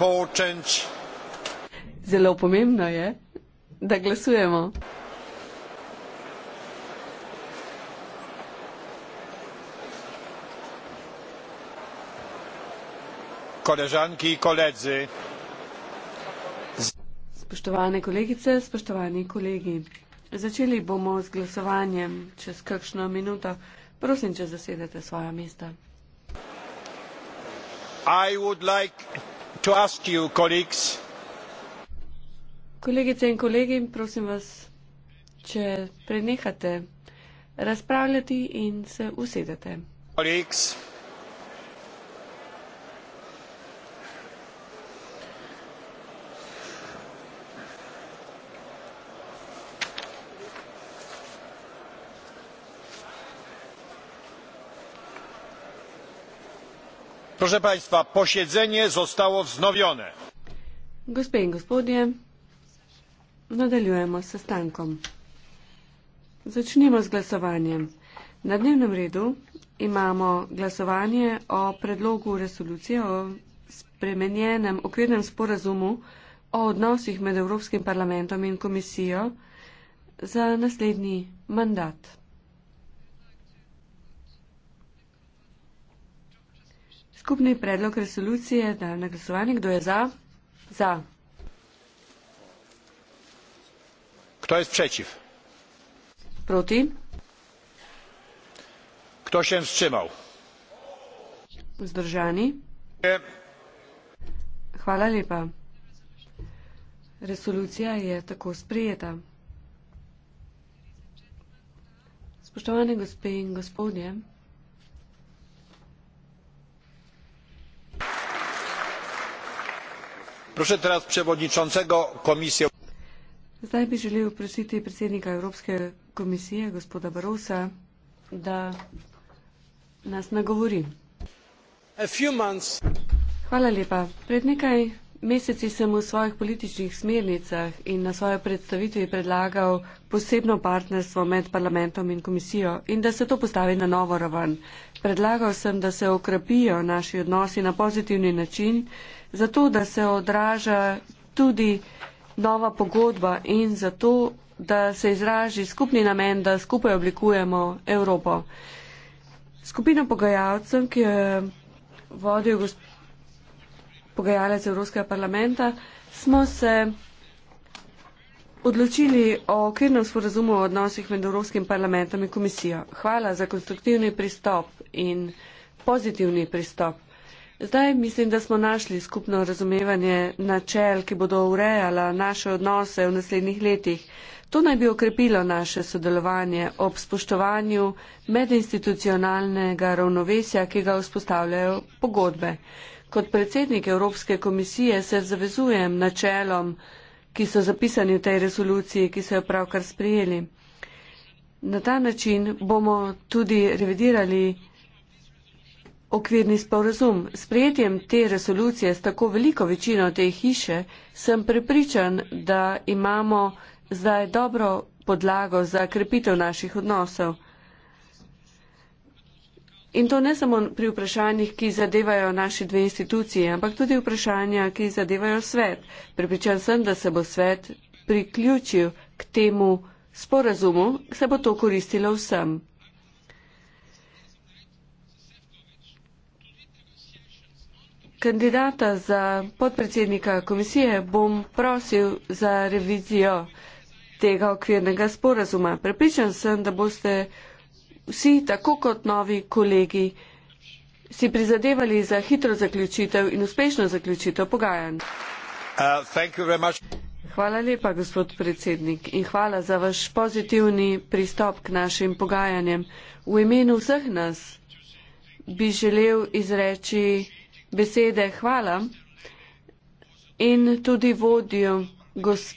Important. Zelo pomembno je, da glasujemo. Koležanki in koledzi. Spoštovane kolegice, spoštovani kolegi. Začeli bomo z glasovanjem čez kakšno minuto. Prosim, če zasedete svoja mesta. I would like Kolegice in kolegi, prosim vas, če prenehate razpravljati in se usedete. Kolegice in kolegi, prosim vas, če prenehate razpravljati in se usedete. proszę państwa posiedzenie zostało wznowione gospodzie i gospodzie nadaljujemy ze stanką zaczniemy z głosowaniem na dnevnem redu imamo glasovanje o predlogu resolucije o spremenjenem okvirnem sporazumu o odnosih med Evropskim parlamentom in komisijo za naslednji mandat. Skupni predlog resolucije, da na glasovanje, kdo je za? Za. Kdo je sprečiv? Proti. Kdo še je vzčemal? Vzdržani. Je. Hvala lepa. Resolucija je tako sprijeta. Spoštovane gospe in gospodje, Proszę teraz przewodniczącego komisji. Zdaj bi želel prositi predsednika Evropske komisije, gospoda Barosa, da nas nagovori. Hvala lepa. Pred nekaj meseci sem v svojih političnih smernicah in na svojo predstavitvi predlagal posebno partnerstvo med parlamentom in komisijo in da se to postavi na novo raven. Predlagal sem, da se okrepijo naši odnosi na pozitivni način, zato da se odraža tudi nova pogodba in zato, da se izraži skupni namen, da skupaj oblikujemo Evropo. Skupina pogajalcev, ki je vodil gospod pogajalec Evropskega parlamenta, smo se odločili o okvirnem sporazumu o odnosih med Evropskim parlamentom in komisijo. Hvala za konstruktivni pristop in pozitivni pristop. Zdaj mislim, da smo našli skupno razumevanje načel, ki bodo urejala naše odnose v naslednjih letih. To naj bi okrepilo naše sodelovanje ob spoštovanju medinstitucionalnega ravnovesja, ki ga vzpostavljajo pogodbe. Kot predsednik Evropske komisije se zavezujem načelom, ki so zapisani v tej resoluciji, ki so jo pravkar sprijeli. Na ta način bomo tudi revidirali okvirni sporazum. S prijetjem te resolucije s tako veliko večino te hiše sem prepričan, da imamo zdaj dobro podlago za krepitev naših odnosov. In to ne samo pri vprašanjih, ki zadevajo naši dve instituciji, ampak tudi vprašanja, ki zadevajo svet. Pripričan sem, da se bo svet priključil k temu sporazumu, se bo to koristilo vsem. Kandidata za podpredsednika komisije bom prosil za revizijo tega okvirnega sporazuma. Pripričan sem, da boste vsi, tako kot novi kolegi, si prizadevali za hitro zaključitev in uspešno zaključitev pogajanj. Uh, hvala lepa, gospod predsednik, in hvala za vaš pozitivni pristop k našim pogajanjem. V imenu vseh nas bi želel izreči besede hvala in tudi vodijo gospod.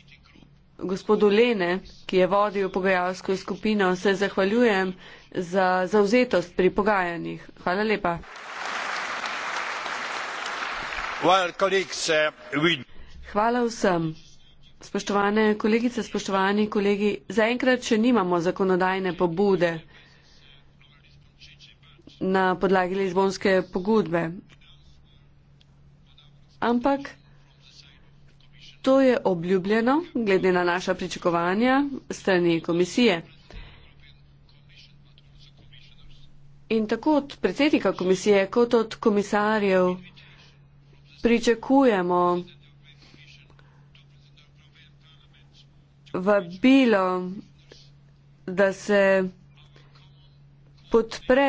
Gospodu Lene, ki je vodil pogajalsko skupino, se zahvaljujem za zauzetost pri pogajanjih. Hvala lepa. Uh, Hvala vsem. Spoštovane kolegice, spoštovani kolegi, zaenkrat še nimamo zakonodajne pobude na podlagi Lizbonske pogodbe. Ampak to je obljubljeno, glede na naša pričakovanja strani komisije. In tako od predsednika komisije kot od komisarjev pričakujemo vabilo, da se podpre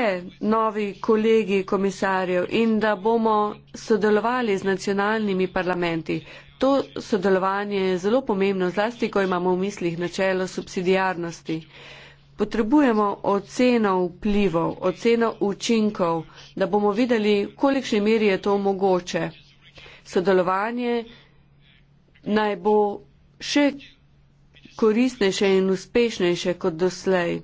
novi kolegi komisarjev in da bomo sodelovali z nacionalnimi parlamenti. To sodelovanje je zelo pomembno, zlasti ko imamo v mislih načelo subsidijarnosti. Uh, Potrebujemo oceno vplivov, oceno učinkov, da bomo videli, v kolikšni meri je to mogoče. Sodelovanje naj bo še koristnejše in uspešnejše kot doslej.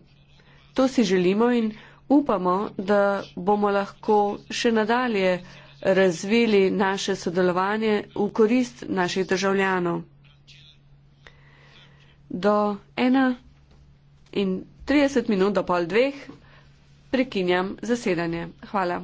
To si želimo in upamo, da bomo lahko še nadalje razvili naše sodelovanje v korist naših državljanov. Do ena in 30 minut do pol dveh prekinjam zasedanje. Hvala.